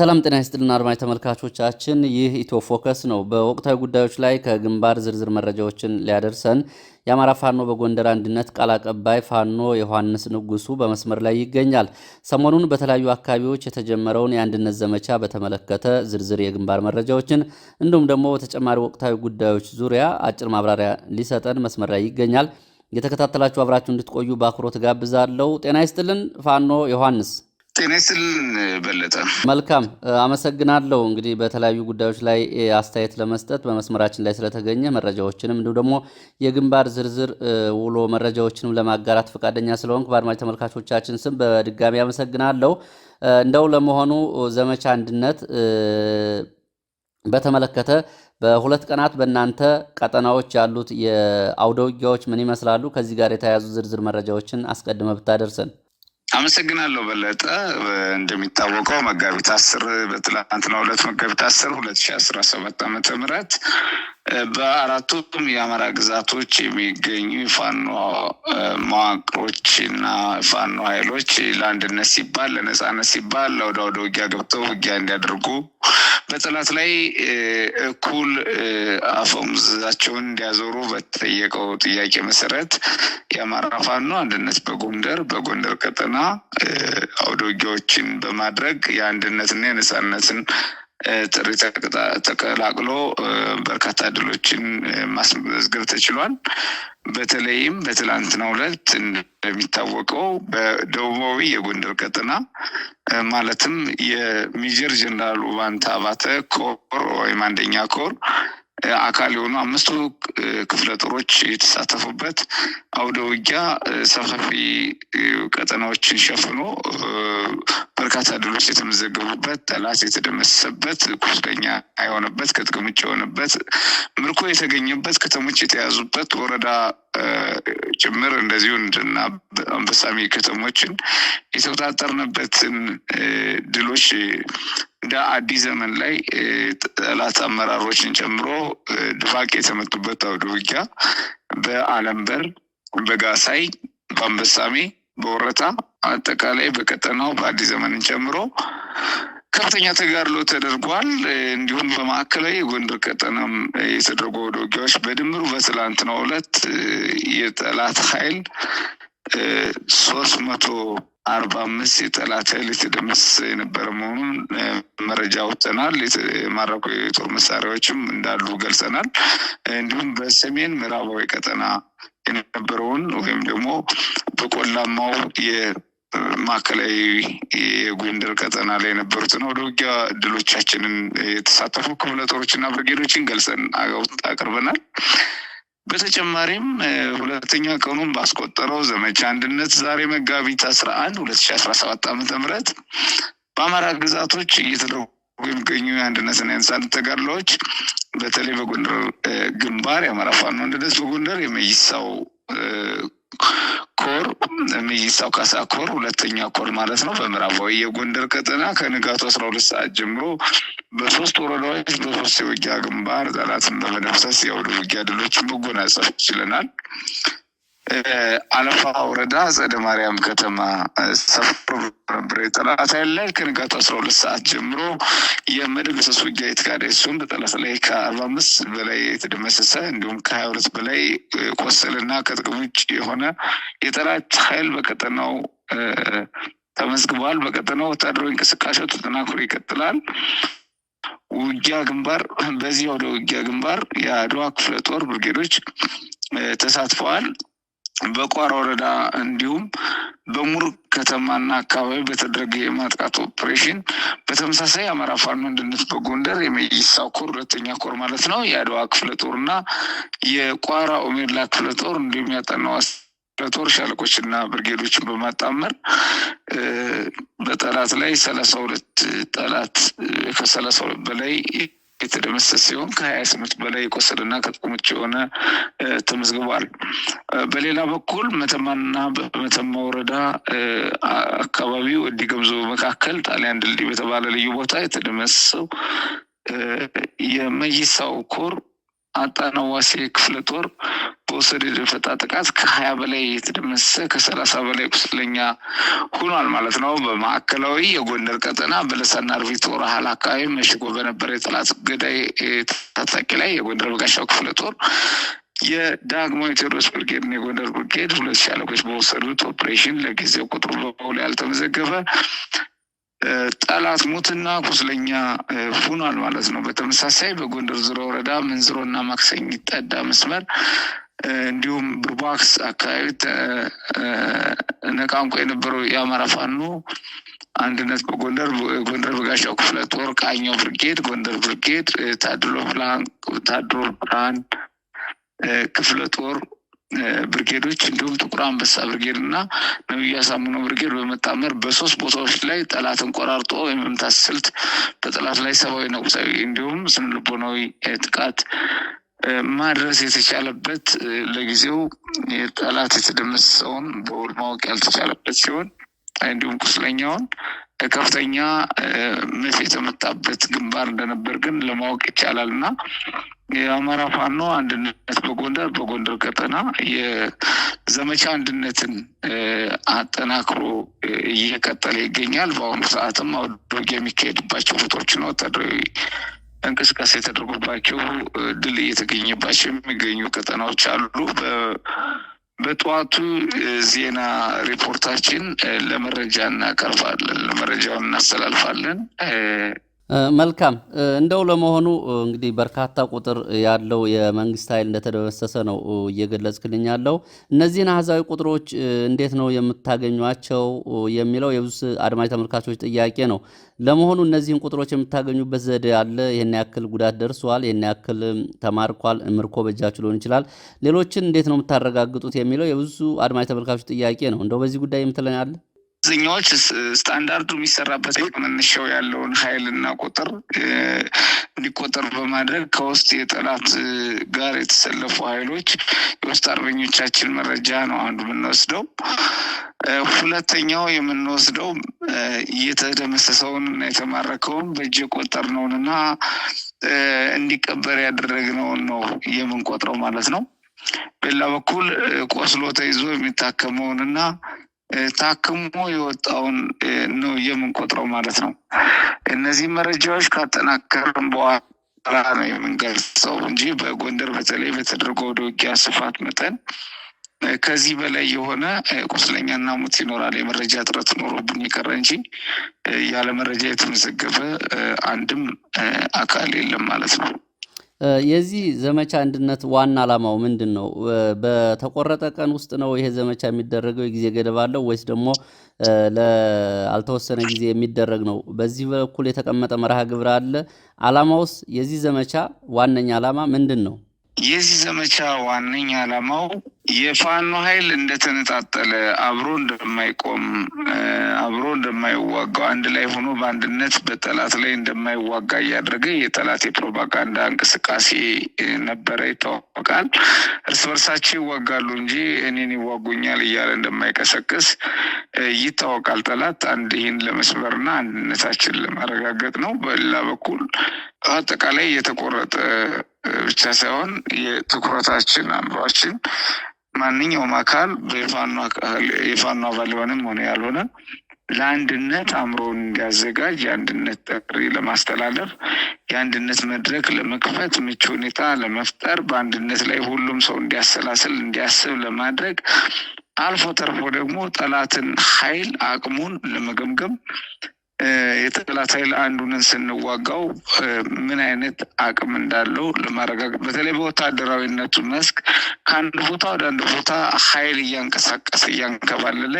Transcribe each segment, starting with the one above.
ሰላም ጤና ይስጥልን አድማጭ ተመልካቾቻችን፣ ይህ ኢትዮ ፎከስ ነው። በወቅታዊ ጉዳዮች ላይ ከግንባር ዝርዝር መረጃዎችን ሊያደርሰን የአማራ ፋኖ በጎንደር አንድነት ቃል አቀባይ ፋኖ ዮሐንስ ንጉሱ በመስመር ላይ ይገኛል። ሰሞኑን በተለያዩ አካባቢዎች የተጀመረውን የአንድነት ዘመቻ በተመለከተ ዝርዝር የግንባር መረጃዎችን እንዲሁም ደግሞ በተጨማሪ ወቅታዊ ጉዳዮች ዙሪያ አጭር ማብራሪያ ሊሰጠን መስመር ላይ ይገኛል። የተከታተላችሁ አብራችሁ እንድትቆዩ በአክብሮት ጋብዛለሁ። ጤና ይስጥልን ፋኖ ዮሐንስ ጤና ይስጥልን በለጠ። መልካም አመሰግናለሁ። እንግዲህ በተለያዩ ጉዳዮች ላይ አስተያየት ለመስጠት በመስመራችን ላይ ስለተገኘ መረጃዎችንም እንዲሁ ደግሞ የግንባር ዝርዝር ውሎ መረጃዎችንም ለማጋራት ፈቃደኛ ስለሆንክ በአድማጭ ተመልካቾቻችን ስም በድጋሚ አመሰግናለሁ። እንደው ለመሆኑ ዘመቻ አንድነት በተመለከተ በሁለት ቀናት በእናንተ ቀጠናዎች ያሉት የአውደ ውጊያዎች ምን ይመስላሉ? ከዚህ ጋር የተያያዙ ዝርዝር መረጃዎችን አስቀድመ ብታደርሰን አመሰግናለሁ በለጠ። እንደሚታወቀው መጋቢት አስር በትላንትና ሁለት መጋቢት አስር ሁለት ሺ አስራ ሰባት ዓመተ ምህረት በአራቱም የአማራ ግዛቶች የሚገኙ የፋኖ መዋቅሮች እና ፋኖ ኃይሎች ለአንድነት ሲባል ለነጻነት ሲባል ለወደ ወደ ውጊያ ገብተው ውጊያ እንዲያደርጉ በጠላት ላይ እኩል አፈሙዛቸውን እንዲያዞሩ በተጠየቀው ጥያቄ መሰረት የአማራ ፋኖ አንድነት በጎንደር በጎንደር ቀጠና አውደ ውጊያዎችን በማድረግ የአንድነትና የነጻነትን ጥሪ ተቀላቅሎ በርካታ ድሎችን ማስመዝገብ ተችሏል። በተለይም በትላንትናው ዕለት እንደሚታወቀው በደቡባዊ የጎንደር ቀጠና ማለትም የሜጀር ጀነራል ባንታ አባተ ኮር ወይም አንደኛ ኮር አካል የሆኑ አምስቱ ክፍለ ጦሮች የተሳተፉበት አውደ ውጊያ ሰፋፊ ቀጠናዎችን ሸፍኖ በርካታ ድሎች የተመዘገቡበት፣ ጠላት የተደመሰሰበት፣ ቁስለኛ የሆነበት፣ ከጥቅም ውጭ የሆነበት፣ ምርኮ የተገኘበት፣ ከተሞች የተያዙበት ወረዳ ጭምር እንደዚሁ እንድና አንበሳሚ ከተሞችን የተቆጣጠርንበትን ድሎች እንደ አዲስ ዘመን ላይ ጠላት አመራሮችን ጨምሮ ድፋቅ የተመቱበት አውደ ውጊያ በአለምበር፣ በጋሳይ፣ በአንበሳሜ፣ በወረታ አጠቃላይ በቀጠናው በአዲስ ዘመንን ጨምሮ ከፍተኛ ተጋድሎ ተደርጓል። እንዲሁም በማዕከላዊ የጎንደር ቀጠናም የተደረጉ ውጊያዎች በድምሩ በትላንትናው ዕለት የጠላት ኃይል ሶስት መቶ አርባ አምስት የጠላት ኃይል የተደመሰሰ የነበረ መሆኑን መረጃ ወጥተናል። የተማረኩ የጦር መሳሪያዎችም እንዳሉ ገልጸናል። እንዲሁም በሰሜን ምዕራባዊ ቀጠና የነበረውን ወይም ደግሞ በቆላማው ማዕከላዊ የጎንደር ቀጠና ላይ የነበሩትን ወደ ውጊያ ድሎቻችንን የተሳተፉ ክፍለ ጦሮችና ብርጌዶችን ገልጸን አቅርበናል። በተጨማሪም ሁለተኛ ቀኑን ባስቆጠረው ዘመቻ አንድነት ዛሬ መጋቢት አስራ አንድ ሁለት ሺ አስራ ሰባት ዓመተ ምህረት በአማራ ግዛቶች እየተደረጉ የሚገኙ የአንድነትና የነጻነት ተጋድሎዎች በተለይ በጎንደር ግንባር የአማራ ፋኖ አንድነት በጎንደር የመይሳው ኮር ምይሳው ካሳ ኮር ሁለተኛ ኮር ማለት ነው። በምዕራባዊ የጎንደር ቀጠና ከንጋቱ አስራ ሁለት ሰዓት ጀምሮ በሶስት ወረዳዎች በሶስት የውጊያ ግንባር ጠላትን በመደምሰስ የአውደ ውጊያ ድሎችን መጎናጸፍ ችለናል። አለፋ ወረዳ ጸደ ማርያም ከተማ ሰፍሮ ነበር። የጠላት ኃይል ላይ ከንጋቱ አስራ ሁለት ሰዓት ጀምሮ የመደምሰስ ውጊያ የተካሄደ ሲሆን በጠላት ላይ ከአርባ አምስት በላይ የተደመሰሰ እንዲሁም ከሀያ ሁለት በላይ ቆሰልና ከጥቅም ውጭ የሆነ የጠላት ኃይል በቀጠናው ተመዝግቧል። በቀጠናው ወታደራዊ እንቅስቃሴው ተጠናክሮ ይቀጥላል። ውጊያ ግንባር በዚህ ወደ ውጊያ ግንባር የአድዋ ክፍለ ጦር ብርጌዶች ተሳትፈዋል። በቋር ወረዳ እንዲሁም በሙርግ ከተማና አካባቢ በተደረገ የማጥቃት ኦፕሬሽን በተመሳሳይ አማራ ፋኖ አንድነት በጎንደር የመይሳው ኮር ሁለተኛ ኮር ማለት ነው የአድዋ ክፍለ ጦርና የቋራ ኦሜድላ ክፍለ ጦር እንዲሁም ያጠናው ክፍለ ጦር ሻለቆችና ብርጌዶችን በማጣመር በጠላት ላይ ሰላሳ ሁለት ጠላት ከሰላሳ ሁለት በላይ የተደመሰሰ ሲሆን ከሀያ ስምንት በላይ የቆሰለና ከጥቅምጭ የሆነ ተመዝግቧል። በሌላ በኩል መተማና በመተማ ወረዳ አካባቢ ወዲ ገምዞ መካከል ጣሊያን ድልድይ በተባለ ልዩ ቦታ የተደመሰሰው የመይሳው ኮር አጣናው ዋሴ ክፍለ ጦር በወሰደ የደፈጣ ጥቃት ከሀያ በላይ የተደመሰሰ ከሰላሳ በላይ ቁስለኛ ሆኗል ማለት ነው። በማዕከላዊ የጎንደር ቀጠና በለሳና አርቢ ጦር ሀል አካባቢ መሽጎ በነበረ የጠላት ገዳይ ታጣቂ ላይ የጎንደር በጋሻው ክፍለ ጦር የዳግማዊ ቴዎድሮስ ብርጌድ እና የጎንደር ብርጌድ ሁለት ሻለቆች በወሰዱት ኦፕሬሽን ለጊዜው ቁጥሩ በውል ያልተመዘገበ ጠላት ሙትና ቁስለኛ ሁኗል ማለት ነው። በተመሳሳይ በጎንደር ዙሪያ ወረዳ መንዝሮና ማክሰኝ ጠዳ መስመር እንዲሁም ብርቧክስ አካባቢ ነቃንቆ የነበረው የአማራ ፋኖ አንድነት በጎንደር ጎንደር በጋሻው ክፍለ ጦር ቃኘው ብርጌድ፣ ጎንደር ብርጌድ፣ ታድሎ ፕላን ክፍለ ጦር ብርጌዶች እንዲሁም ጥቁር አንበሳ ብርጌድ እና ነብዩ አሳምኖ ብርጌድ በመጣመር በሶስት ቦታዎች ላይ ጠላትን ቆራርጦ የመምታት ስልት በጠላት ላይ ሰብአዊና ቁሳዊ እንዲሁም ስነልቦናዊ ጥቃት ማድረስ የተቻለበት ለጊዜው የጠላት የተደመሰሰውን በውል ማወቅ ያልተቻለበት ሲሆን እንዲሁም ቁስለኛውን ከፍተኛ ምት የተመታበት ግንባር እንደነበር ግን ለማወቅ ይቻላል እና የአማራ ፋኖ አንድነት በጎንደር በጎንደር ቀጠና የዘመቻ አንድነትን አጠናክሮ እየቀጠለ ይገኛል። በአሁኑ ሰዓትም አውደ የሚካሄድባቸው ቦታዎች ነው ወታደራዊ እንቅስቃሴ የተደረጉባቸው ድል እየተገኘባቸው የሚገኙ ቀጠናዎች አሉ። በጠዋቱ ዜና ሪፖርታችን ለመረጃ እናቀርባለን፣ ለመረጃውን እናስተላልፋለን። መልካም እንደው ለመሆኑ እንግዲህ በርካታ ቁጥር ያለው የመንግስት ኃይል እንደተደመሰሰ ነው እየገለጽክልኝ ያለው። እነዚህን አሃዛዊ ቁጥሮች እንዴት ነው የምታገኟቸው የሚለው የብዙ አድማጭ ተመልካቾች ጥያቄ ነው። ለመሆኑ እነዚህን ቁጥሮች የምታገኙበት ዘዴ አለ? ይህን ያክል ጉዳት ደርሷል፣ ይህን ያክል ተማርኳል፣ ምርኮ በእጃችሁ ሊሆን ይችላል፣ ሌሎችን እንዴት ነው የምታረጋግጡት የሚለው የብዙ አድማጭ ተመልካቾች ጥያቄ ነው። እንደው በዚህ ጉዳይ የምትለን አለ? ኛዎች ስታንዳርዱ የሚሰራበት መነሻው ያለውን ኃይልና ቁጥር እንዲቆጠር በማድረግ ከውስጥ የጠላት ጋር የተሰለፉ ኃይሎች የውስጥ አርበኞቻችን መረጃ ነው አንዱ የምንወስደው። ሁለተኛው የምንወስደው እየተደመሰሰውን እና የተማረከውን በእጅ ነውን እና እንዲቀበር ያደረግነውን ነው የምንቆጥረው ማለት ነው። በሌላ በኩል ቆስሎ ተይዞ የሚታከመውንና ታክሞ የወጣውን ነው የምንቆጥረው ማለት ነው። እነዚህ መረጃዎች ካጠናከርን በኋላ ነው የምንገልጸው እንጂ በጎንደር በተለይ ወደ ውጊያ ስፋት መጠን ከዚህ በላይ የሆነ ቁስለኛና ሙት ይኖራል። የመረጃ እጥረት ኖሮብን የቀረ እንጂ ያለ መረጃ የተመዘገበ አንድም አካል የለም ማለት ነው። የዚህ ዘመቻ አንድነት ዋና ዓላማው ምንድን ነው? በተቆረጠ ቀን ውስጥ ነው ይሄ ዘመቻ የሚደረገው? የጊዜ ገደብ አለው ወይስ ደግሞ ለአልተወሰነ ጊዜ የሚደረግ ነው? በዚህ በኩል የተቀመጠ መርሃ ግብር አለ? ዓላማውስ የዚህ ዘመቻ ዋነኛ ዓላማ ምንድን ነው? የዚህ ዘመቻ ዋነኛ ዓላማው የፋኖ ኃይል እንደተነጣጠለ አብሮ እንደማይቆም አብሮ እንደማይዋጋው አንድ ላይ ሆኖ በአንድነት በጠላት ላይ እንደማይዋጋ እያደረገ የጠላት የፕሮፓጋንዳ እንቅስቃሴ ነበረ ይታወቃል። እርስ በርሳቸው ይዋጋሉ እንጂ እኔን ይዋጉኛል እያለ እንደማይቀሰቅስ ይታወቃል። ጠላት አንድ ይህን ለመስበርና አንድነታችን ለማረጋገጥ ነው። በሌላ በኩል አጠቃላይ የተቆረጠ ብቻ ሳይሆን የትኩረታችን አምሯችን ማንኛውም አካል የፋኖ አባል የሆነም ሆነ ያልሆነ ለአንድነት አእምሮን እንዲያዘጋጅ የአንድነት ጥሪ ለማስተላለፍ የአንድነት መድረክ ለመክፈት ምቹ ሁኔታ ለመፍጠር በአንድነት ላይ ሁሉም ሰው እንዲያሰላስል እንዲያስብ ለማድረግ አልፎ ተርፎ ደግሞ ጠላትን ኃይል አቅሙን ለመገምገም የጠላት ኃይል አንዱንን ስንዋጋው ምን አይነት አቅም እንዳለው ለማረጋገጥ በተለይ በወታደራዊነቱ መስክ ከአንድ ቦታ ወደ አንድ ቦታ ኃይል እያንቀሳቀሰ እያንከባለለ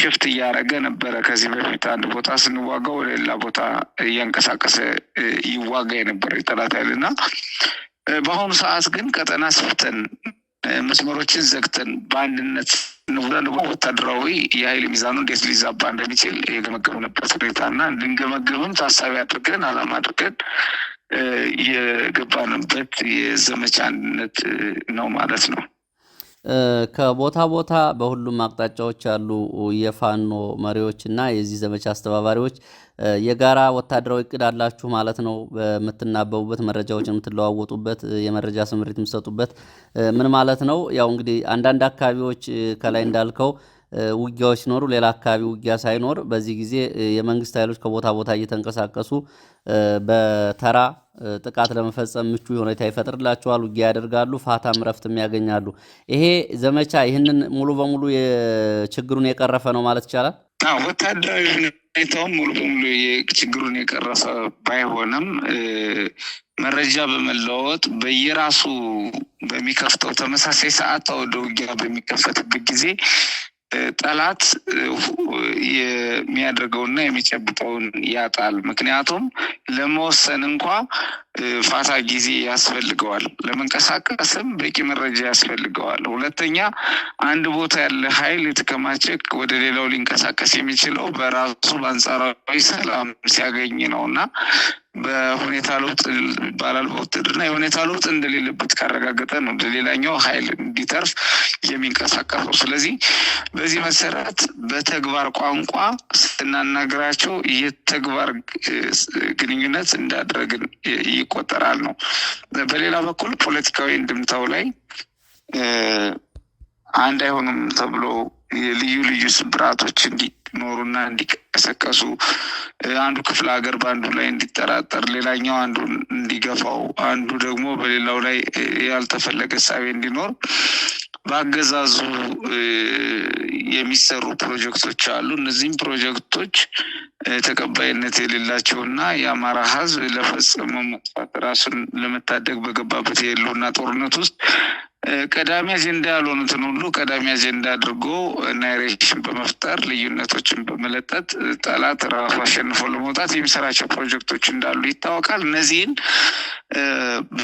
ሽፍት እያረገ ነበረ። ከዚህ በፊት አንድ ቦታ ስንዋጋው ወደ ሌላ ቦታ እያንቀሳቀሰ ይዋጋ የነበረ የጠላት ኃይል እና በአሁኑ ሰዓት ግን ቀጠና ስፍተን መስመሮችን ዘግተን በአንድነት እንዳለ ወታደራዊ የኃይል ሚዛኑ እንዴት ሊዛባ እንደሚችል የገመገምንበት እና እንድንገመገምም ታሳቢ አድርገን አላማ አድርገን የገባንበት የዘመቻነት ነው ማለት ነው። ከቦታ ቦታ በሁሉም አቅጣጫዎች ያሉ የፋኖ መሪዎች እና የዚህ ዘመቻ አስተባባሪዎች የጋራ ወታደራዊ እቅድ አላችሁ ማለት ነው። በምትናበቡበት መረጃዎችን የምትለዋወጡበት የመረጃ ስምሪት የምትሰጡበት ምን ማለት ነው? ያው እንግዲህ አንዳንድ አካባቢዎች ከላይ እንዳልከው ውጊያዎች ሲኖሩ ሌላ አካባቢ ውጊያ ሳይኖር በዚህ ጊዜ የመንግስት ኃይሎች ከቦታ ቦታ እየተንቀሳቀሱ በተራ ጥቃት ለመፈጸም ምቹ ሁኔታ ይፈጥርላቸዋል። ውጊያ ያደርጋሉ፣ ፋታም ረፍትም ያገኛሉ። ይሄ ዘመቻ ይህንን ሙሉ በሙሉ ችግሩን የቀረፈ ነው ማለት ይቻላል። ወታደራዊ ሁኔታውም ሙሉ በሙሉ ችግሩን የቀረፈ ባይሆንም መረጃ በመለዋወጥ በየራሱ በሚከፍተው ተመሳሳይ ሰዓት ተወደ ውጊያ በሚከፈትበት ጊዜ ጠላት የሚያደርገውና የሚጨብጠውን ያጣል። ምክንያቱም ለመወሰን እንኳ ፋታ ጊዜ ያስፈልገዋል፣ ለመንቀሳቀስም በቂ መረጃ ያስፈልገዋል። ሁለተኛ አንድ ቦታ ያለ ኃይል የተከማቸ ወደ ሌላው ሊንቀሳቀስ የሚችለው በራሱ በአንጻራዊ ሰላም ሲያገኝ ነው እና በሁኔታ ለውጥ ይባላል በውትድርና የሁኔታ ለውጥ እንደሌለበት ካረጋገጠ ነው ለሌላኛው ሀይል እንዲተርፍ የሚንቀሳቀሰው። ስለዚህ በዚህ መሰረት በተግባር ቋንቋ ስናናገራቸው የተግባር ግንኙነት እንዳደረግን ይቆጠራል ነው። በሌላ በኩል ፖለቲካዊ እንድምታው ላይ አንድ አይሆኑም ተብሎ የልዩ ልዩ ስብራቶች እንዲ እንዲኖሩና እንዲቀሰቀሱ አንዱ ክፍለ ሀገር በአንዱ ላይ እንዲጠራጠር፣ ሌላኛው አንዱ እንዲገፋው፣ አንዱ ደግሞ በሌላው ላይ ያልተፈለገ ሳቤ እንዲኖር በአገዛዙ የሚሰሩ ፕሮጀክቶች አሉ። እነዚህም ፕሮጀክቶች ተቀባይነት የሌላቸው እና የአማራ ሕዝብ ለፈጸመው መጥፋት ራሱን ለመታደግ በገባበት የህልውና ጦርነት ውስጥ ቀዳሚ አጀንዳ ያልሆኑትን ሁሉ ቀዳሚ አጀንዳ አድርጎ ናይሬሽን በመፍጠር ልዩነቶችን በመለጠጥ ጠላት ራሱ አሸንፎ ለመውጣት የሚሰራቸው ፕሮጀክቶች እንዳሉ ይታወቃል። እነዚህን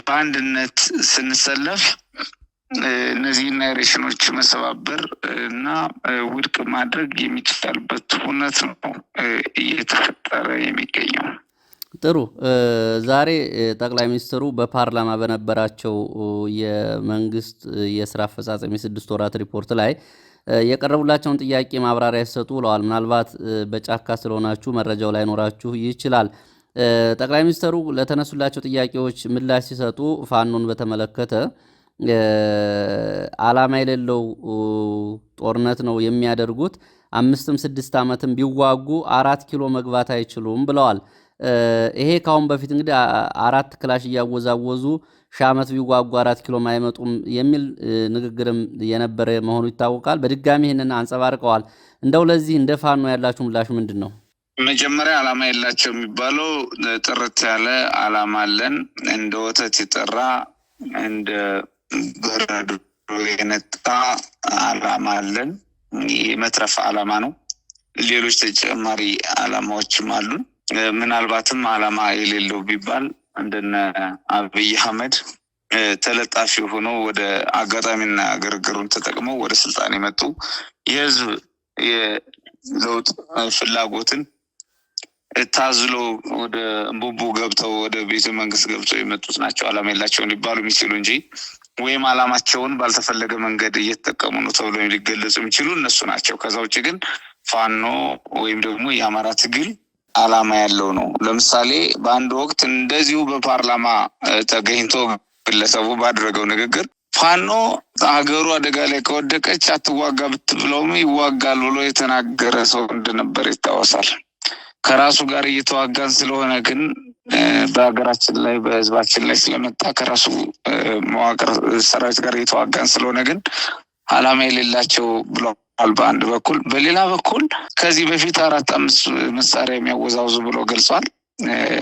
በአንድነት ስንሰለፍ እነዚህን ናይሬሽኖች መሰባበር እና ውድቅ ማድረግ የሚቻልበት እውነት ነው እየተፈጠረ የሚገኘው። ጥሩ ዛሬ ጠቅላይ ሚኒስትሩ በፓርላማ በነበራቸው የመንግስት የስራ አፈጻጸም የስድስት ወራት ሪፖርት ላይ የቀረቡላቸውን ጥያቄ ማብራሪያ ሲሰጡ ብለዋል። ምናልባት በጫካ ስለሆናችሁ መረጃው ላይ ኖራችሁ ይችላል። ጠቅላይ ሚኒስትሩ ለተነሱላቸው ጥያቄዎች ምላሽ ሲሰጡ ፋኖን በተመለከተ ዓላማ የሌለው ጦርነት ነው የሚያደርጉት፣ አምስትም ስድስት ዓመትም ቢዋጉ አራት ኪሎ መግባት አይችሉም ብለዋል። ይሄ ከአሁን በፊት እንግዲህ አራት ክላሽ እያወዛወዙ ሺህ ዓመት ቢጓጉ አራት ኪሎ አይመጡም የሚል ንግግርም የነበረ መሆኑ ይታወቃል። በድጋሚ ይህንን አንጸባርቀዋል። እንደው ለዚህ እንደ ፋኖ ያላችሁ ምላሽ ምንድን ነው? መጀመሪያ ዓላማ የላቸው የሚባለው ጥርት ያለ ዓላማ አለን። እንደ ወተት የጠራ እንደ በረዶ የነጣ ዓላማ አለን። የመትረፍ ዓላማ ነው። ሌሎች ተጨማሪ ዓላማዎችም አሉን። ምናልባትም አላማ የሌለው ቢባል እንደነ አብይ አህመድ ተለጣፊ ሆኖ ወደ አጋጣሚና ግርግሩን ተጠቅመው ወደ ስልጣን የመጡ የህዝብ የለውጥ ፍላጎትን ታዝሎ ወደ ቡቡ ገብተው ወደ ቤተ መንግስት ገብተው የመጡት ናቸው። አላማ የላቸውን ሊባሉ የሚችሉ እንጂ ወይም አላማቸውን ባልተፈለገ መንገድ እየተጠቀሙ ነው ተብሎ ሊገለጹ የሚችሉ እነሱ ናቸው። ከዛ ውጭ ግን ፋኖ ወይም ደግሞ የአማራ ትግል አላማ ያለው ነው። ለምሳሌ በአንድ ወቅት እንደዚሁ በፓርላማ ተገኝቶ ግለሰቡ ባደረገው ንግግር ፋኖ ሀገሩ አደጋ ላይ ከወደቀች አትዋጋ ብትብለውም ይዋጋል ብሎ የተናገረ ሰው እንደነበር ይታወሳል። ከራሱ ጋር እየተዋጋን ስለሆነ ግን በሀገራችን ላይ በህዝባችን ላይ ስለመጣ ከራሱ መዋቅር ሰራዊት ጋር እየተዋጋን ስለሆነ ግን አላማ የሌላቸው ብለው አል በአንድ በኩል በሌላ በኩል ከዚህ በፊት አራት አምስት መሳሪያ የሚያወዛውዙ ብሎ ገልጿል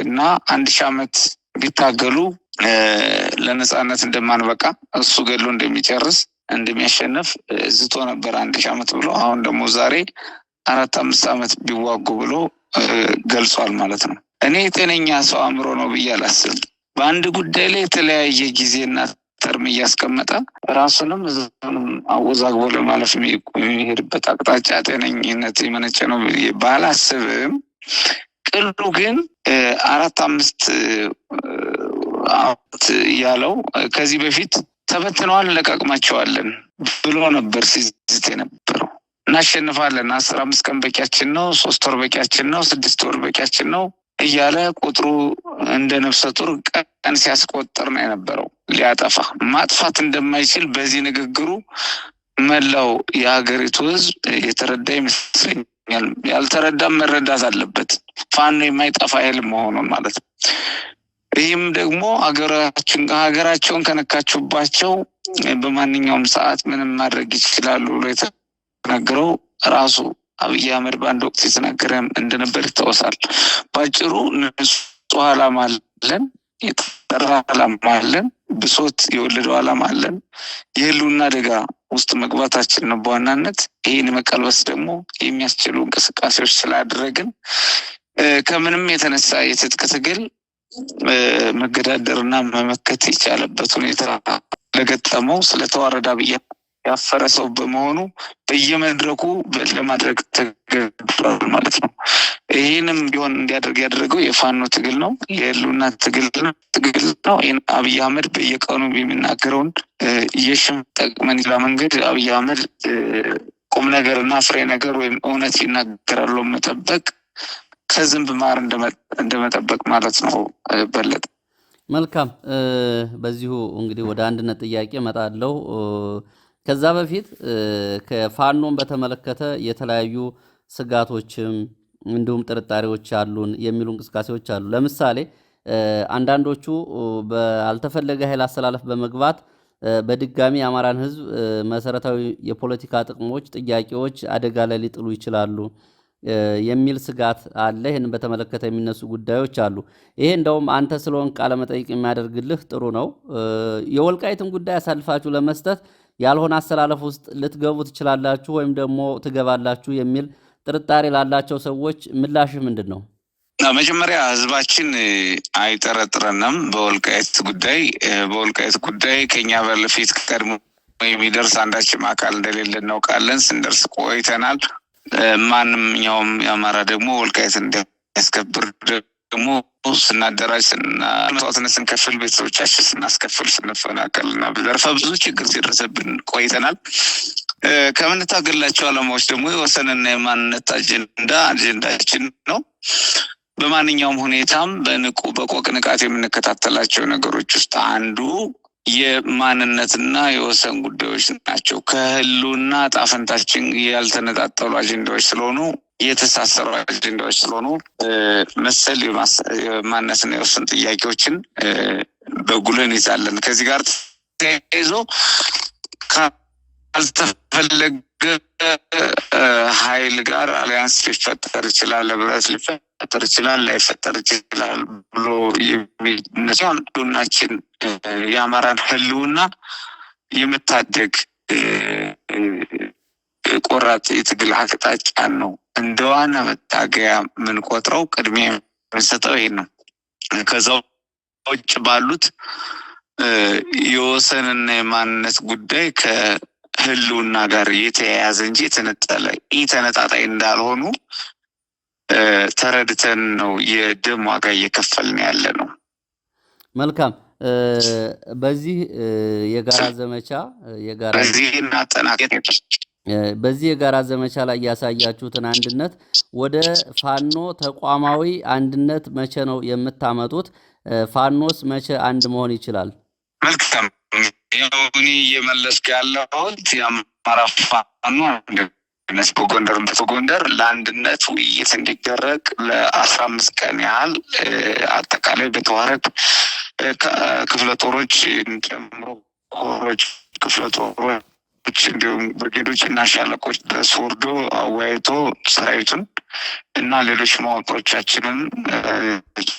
እና አንድ ሺህ ዓመት ቢታገሉ ለነጻነት እንደማንበቃ እሱ ገድሎ እንደሚጨርስ እንደሚያሸነፍ ዝቶ ነበር አንድ ሺህ ዓመት ብሎ አሁን ደግሞ ዛሬ አራት አምስት ዓመት ቢዋጉ ብሎ ገልጿል ማለት ነው። እኔ የጤነኛ ሰው አእምሮ ነው ብዬ አላስብም። በአንድ ጉዳይ ላይ የተለያየ ጊዜና ተርም እያስቀመጠ ራሱንም እዛንም አወዛግቦ ለማለፍ የሚሄድበት አቅጣጫ ጤነኝነት የመነጨ ነው ባላስብም ቅሉ ግን አራት አምስት አመት ያለው ከዚህ በፊት ተበትነዋል እንለቃቅማቸዋለን ብሎ ነበር ሲዝት የነበረው። እናሸንፋለን፣ አስር አምስት ቀን በቂያችን ነው፣ ሶስት ወር በቂያችን ነው፣ ስድስት ወር በቂያችን ነው እያለ ቁጥሩ እንደ ነፍሰ ጡር ቀን ቀን ሲያስቆጥር ነው የነበረው ሊያጠፋ ማጥፋት እንደማይችል በዚህ ንግግሩ መላው የሀገሪቱ ህዝብ የተረዳ ይመስለኛል። ያልተረዳም መረዳት አለበት ፋኖ የማይጠፋ ኃይል መሆኑን ማለት ነው። ይህም ደግሞ ሀገራቸውን ከነካችሁባቸው በማንኛውም ሰዓት ምንም ማድረግ ይችላሉ ብሎ የተነገረው ራሱ አብይ አህመድ በአንድ ወቅት የተናገረ እንደነበር ይታወሳል። በአጭሩ ንጹህ ዓላማ አለን የጠራ ዓላማ አለን። ብሶት የወለደው ዓላማ አለን። የህልውና አደጋ ውስጥ መግባታችን ነው በዋናነት። ይህን መቀልበስ ደግሞ የሚያስችሉ እንቅስቃሴዎች ስላደረግን ከምንም የተነሳ የትጥቅ ትግል መገዳደርና መመከት የቻለበት ሁኔታ ለገጠመው ስለተዋረዳ ብያ ያፈረ ሰው በመሆኑ በየመድረኩ ለማድረግ ተገዷል ማለት ነው። ይህንም ቢሆን እንዲያደርግ ያደረገው የፋኖ ትግል ነው፣ የህልውና ትግል ነው። ይህን አብይ አህመድ በየቀኑ የሚናገረውን የሽም ጠቅመን ላ መንገድ አብይ አህመድ ቁም ነገር እና ፍሬ ነገር ወይም እውነት ይናገራሉ መጠበቅ ከዝንብ ማር እንደመጠበቅ ማለት ነው። በለጠ መልካም፣ በዚሁ እንግዲህ ወደ አንድነት ጥያቄ መጣለው። ከዛ በፊት ከፋኖን በተመለከተ የተለያዩ ስጋቶችም እንዲሁም ጥርጣሬዎች አሉን የሚሉ እንቅስቃሴዎች አሉ። ለምሳሌ አንዳንዶቹ በአልተፈለገ ኃይል አሰላለፍ በመግባት በድጋሚ የአማራን ሕዝብ መሰረታዊ የፖለቲካ ጥቅሞች፣ ጥያቄዎች አደጋ ላይ ሊጥሉ ይችላሉ የሚል ስጋት አለ። ይህን በተመለከተ የሚነሱ ጉዳዮች አሉ። ይሄ እንደውም አንተ ስለሆን ቃለመጠይቅ የሚያደርግልህ ጥሩ ነው። የወልቃይትን ጉዳይ አሳልፋችሁ ለመስጠት ያልሆነ አሰላለፍ ውስጥ ልትገቡ ትችላላችሁ ወይም ደግሞ ትገባላችሁ የሚል ጥርጣሬ ላላቸው ሰዎች ምላሽ ምንድን ነው? መጀመሪያ ህዝባችን አይጠረጥረንም። በወልቃየት ጉዳይ በወልቃየት ጉዳይ ከኛ በፊት ቀድሞ የሚደርስ አንዳችም አካል እንደሌለ እናውቃለን። ስንደርስ ቆይተናል። ማንኛውም የአማራ ደግሞ ወልቃየት እንዲያስከብር ደግሞ ስናደራጅ መስዋዕትነት ስንከፍል ቤተሰቦቻችን ስናስከፍል ስንፈናቀል እና ዘርፈ ብዙ ችግር ሲደረሰብን ቆይተናል። ከምንታገላቸው አላማዎች ደግሞ የወሰንና የማንነት አጀንዳ አጀንዳችን ነው። በማንኛውም ሁኔታም በንቁ በቆቅ ንቃት የምንከታተላቸው ነገሮች ውስጥ አንዱ የማንነትና የወሰን ጉዳዮች ናቸው። ከህሉና ጣፈንታችን ያልተነጣጠሉ አጀንዳዎች ስለሆኑ የተሳሰሩ አጀንዳዎች ስለሆኑ መሰል የማንነትና የወሰን ጥያቄዎችን በጉልህ እንይዛለን። ከዚህ ጋር ተያይዞ ካልተፈለገ ኃይል ጋር አሊያንስ ሊፈጠር ይችላል፣ ህብረት ሊፈጠር ይችላል፣ ላይፈጠር ይችላል ብሎ የሚነሳ ዱናችን የአማራን ህልውና የምታደግ ቆራጥ የትግል አቅጣጫ ነው እንደ ዋና መታገያ የምንቆጥረው። ቅድሚያ የምንሰጠው ይሄ ነው። ከዛ ውጭ ባሉት የወሰንና የማንነት ጉዳይ ከህልውና ጋር የተያያዘ እንጂ የተነጠለ ይህ ተነጣጣይ እንዳልሆኑ ተረድተን ነው የደም ዋጋ እየከፈልን ያለ ነው። መልካም። በዚህ የጋራ ዘመቻ የጋራ በዚህ የጋራ ዘመቻ ላይ ያሳያችሁትን አንድነት ወደ ፋኖ ተቋማዊ አንድነት መቼ ነው የምታመጡት? ፋኖስ መቼ አንድ መሆን ይችላል? መልካም እኔ እየመለስኩ ያለሁት የአማራ ፋኖ ነስ በጎንደር በጎንደር ለአንድነት ውይይት እንዲደረግ ለአስራ አምስት ቀን ያህል አጠቃላይ በተዋረድ ክፍለ ጦሮች ጨምሮ ሮች ክፍለ ጦሮች ሰዎች እንዲሁም ብርጌዶች እና ሻለቆች ተስወርዶ አወያይቶ ሰራዊቱን እና ሌሎች መዋቅሮቻችንን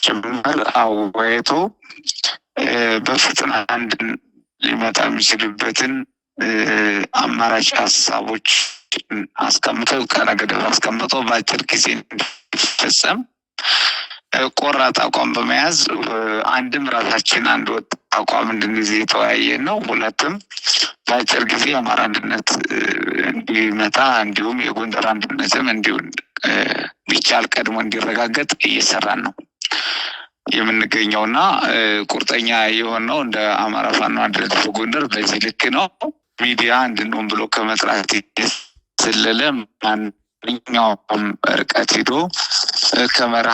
ጭምር አወያይቶ በፍጥነት አንድ ሊመጣ የሚችልበትን አማራጭ ሀሳቦች አስቀምጠው ቀነ ገደብ አስቀምጠው በአጭር ጊዜ እንዲፈጸም ቆራጥ አቋም በመያዝ አንድም ራሳችን አንድ ወጥ አቋም እንድንይዝ የተወያየ ነው። ሁለትም በአጭር ጊዜ የአማራ አንድነት እንዲመጣ እንዲሁም የጎንደር አንድነትም እንዲሁን ቢቻል ቀድሞ እንዲረጋገጥ እየሰራን ነው የምንገኘው ቁርጠኛ የሆነው እንደ አማራ ፋኖ አንድነት በጎንደር በዚህ ልክ ነው። ሚዲያ እንድንሆን ብሎ ከመጥራት ስለለ ማንኛውም ርቀት ሂዶ ከመራ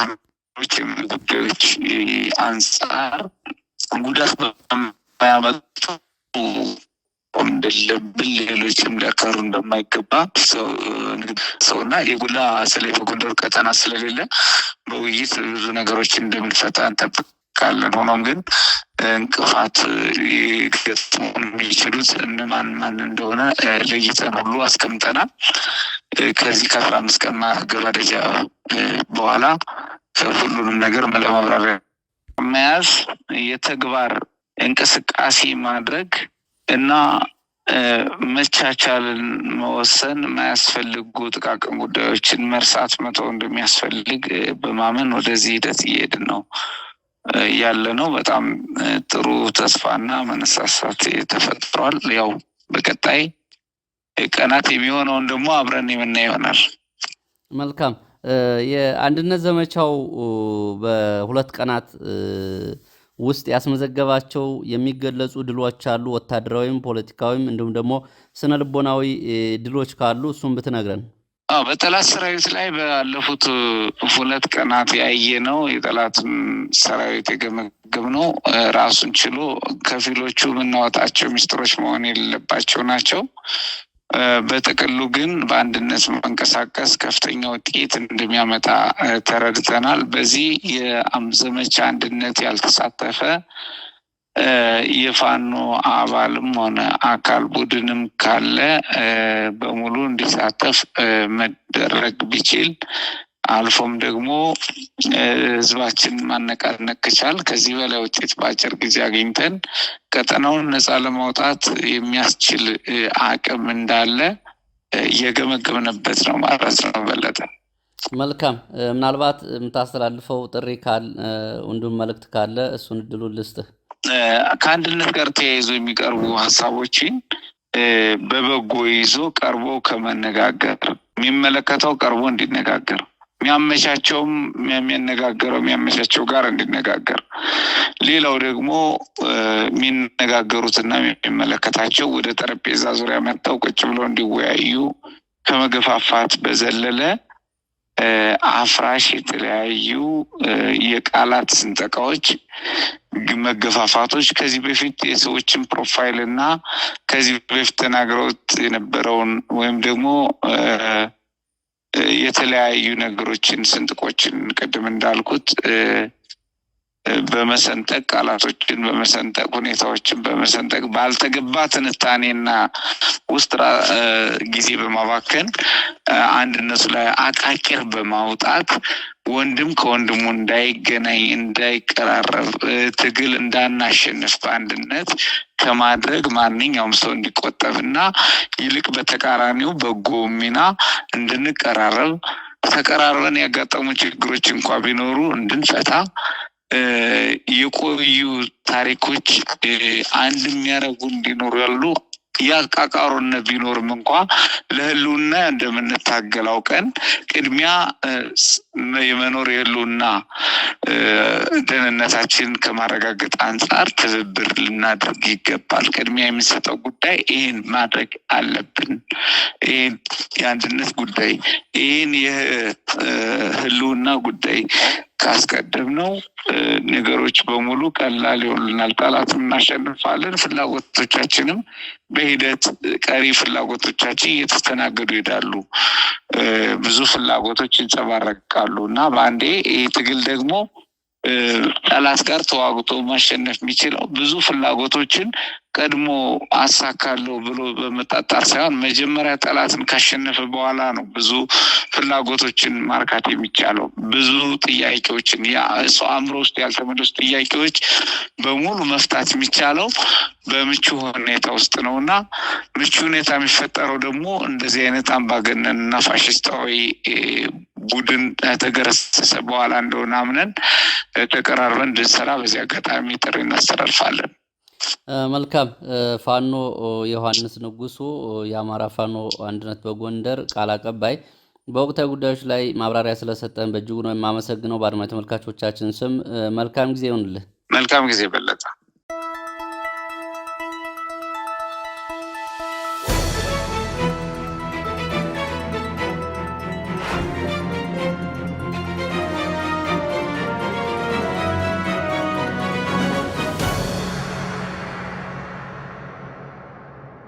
ሌሎችም ጉዳዮች አንጻር ጉዳት በማያመጡ እንደለብን ሌሎችም ሊያከሩ እንደማይገባ ሰው እና የጎላ ስለ በጎንደር ቀጠና ስለሌለ በውይይት ብዙ ነገሮች እንደምንፈታ እንጠብቃለን። ሆኖም ግን እንቅፋት ገጥሞ የሚችሉት እነማን ማን እንደሆነ ለይተን ሁሉ አስቀምጠናል። ከዚህ ከአስራ አምስት ቀን ማገባደጃ በኋላ ሁሉንም ነገር ለማብራሪያ መያዝ የተግባር እንቅስቃሴ ማድረግ እና መቻቻልን መወሰን የማያስፈልጉ ጥቃቅን ጉዳዮችን መርሳት መተው እንደሚያስፈልግ በማመን ወደዚህ ሂደት እየሄድን ነው ያለ ነው። በጣም ጥሩ ተስፋና መነሳሳት ተፈጥሯል። ያው በቀጣይ ቀናት የሚሆነውን ደግሞ አብረን የምናይ ይሆናል። መልካም የአንድነት ዘመቻው በሁለት ቀናት ውስጥ ያስመዘገባቸው የሚገለጹ ድሎች አሉ። ወታደራዊም፣ ፖለቲካዊም እንዲሁም ደግሞ ስነ ልቦናዊ ድሎች ካሉ እሱም ብትነግረን። በጠላት ሰራዊት ላይ ባለፉት ሁለት ቀናት ያየ ነው የጠላት ሰራዊት የገመገብ ነው ራሱን ችሎ ከፊሎቹ የምናወጣቸው ሚስጥሮች መሆን የሌለባቸው ናቸው። በጥቅሉ ግን በአንድነት መንቀሳቀስ ከፍተኛ ውጤት እንደሚያመጣ ተረድተናል። በዚህ የዘመቻ አንድነት ያልተሳተፈ የፋኖ አባልም ሆነ አካል ቡድንም ካለ በሙሉ እንዲሳተፍ መደረግ ቢችል አልፎም ደግሞ ህዝባችን ማነቃነቅ ከቻል ከዚህ በላይ ውጤት በአጭር ጊዜ አግኝተን ቀጠናውን ነፃ ለማውጣት የሚያስችል አቅም እንዳለ እየገመገምንበት ነው ማለት ነው። በለጠ መልካም። ምናልባት የምታስተላልፈው ጥሪ ካል ወንዱም መልእክት ካለ እሱን እድሉ ልስጥህ። ከአንድነት ጋር ተያይዞ የሚቀርቡ ሀሳቦችን በበጎ ይዞ ቀርቦ ከመነጋገር የሚመለከተው ቀርቦ እንዲነጋገር የሚያመቻቸውም የሚያነጋገረው የሚያመቻቸው ጋር እንዲነጋገር፣ ሌላው ደግሞ የሚነጋገሩትና የሚመለከታቸው ወደ ጠረጴዛ ዙሪያ መጥተው ቁጭ ብለው እንዲወያዩ ከመገፋፋት በዘለለ አፍራሽ የተለያዩ የቃላት ስንጠቃዎች፣ መገፋፋቶች ከዚህ በፊት የሰዎችን ፕሮፋይል እና ከዚህ በፊት ተናግረውት የነበረውን ወይም ደግሞ የተለያዩ ነገሮችን ስንጥቆችን ቅድም እንዳልኩት በመሰንጠቅ ቃላቶችን በመሰንጠቅ ሁኔታዎችን በመሰንጠቅ ባልተገባ ትንታኔና ውስጥ ጊዜ በማባከን አንድነቱ ላይ አቃቂር በማውጣት ወንድም ከወንድሙ እንዳይገናኝ እንዳይቀራረብ ትግል እንዳናሸንፍ በአንድነት ከማድረግ ማንኛውም ሰው እንዲቆጠብና ይልቅ በተቃራኒው በጎ ሚና እንድንቀራረብ ተቀራርበን ያጋጠሙ ችግሮች እንኳ ቢኖሩ እንድንፈታ የቆዩ ታሪኮች አንድ የሚያደርጉ እንዲኖሩ ያሉ የአቃቃሩነት ቢኖርም እንኳ ለህልውና እንደምንታገል አውቀን ቅድሚያ የመኖር የህልውና ደህንነታችን ከማረጋገጥ አንጻር ትብብር ልናደርግ ይገባል። ቅድሚያ የምንሰጠው ጉዳይ ይህን ማድረግ አለብን። ይህን የአንድነት ጉዳይ፣ ይህን የህልውና ጉዳይ ካስቀደም ነው ነገሮች በሙሉ ቀላል ይሆንልናል። ጠላትን እናሸንፋለን። ፍላጎቶቻችንም በሂደት ቀሪ ፍላጎቶቻችን እየተስተናገዱ ይሄዳሉ። ብዙ ፍላጎቶች ይንጸባረቃሉ እና በአንዴ ይህ ትግል ደግሞ ጠላት ጋር ተዋግቶ ማሸነፍ የሚችለው ብዙ ፍላጎቶችን ቀድሞ አሳካለሁ ብሎ በመጣጣር ሳይሆን መጀመሪያ ጠላትን ካሸነፈ በኋላ ነው ብዙ ፍላጎቶችን ማርካት የሚቻለው። ብዙ ጥያቄዎችን ሰው አእምሮ ውስጥ ያልተመለሱ ጥያቄዎች በሙሉ መፍታት የሚቻለው በምቹ ሁኔታ ውስጥ ነው እና ምቹ ሁኔታ የሚፈጠረው ደግሞ እንደዚህ አይነት አምባገነን እና ፋሽስታዊ ቡድን ተገረሰሰ በኋላ እንደሆነ አምነን ተቀራርበን እንድንሰራ በዚህ አጋጣሚ ጥሪ እናስተላልፋለን። መልካም። ፋኖ ዮሐንስ ንጉሱ የአማራ ፋኖ አንድነት በጎንደር ቃል አቀባይ በወቅታዊ ጉዳዮች ላይ ማብራሪያ ስለሰጠን በእጅጉ ነው የማመሰግነው። በአድማ ተመልካቾቻችን ስም መልካም ጊዜ ይሆንልህ። መልካም ጊዜ በለጠ።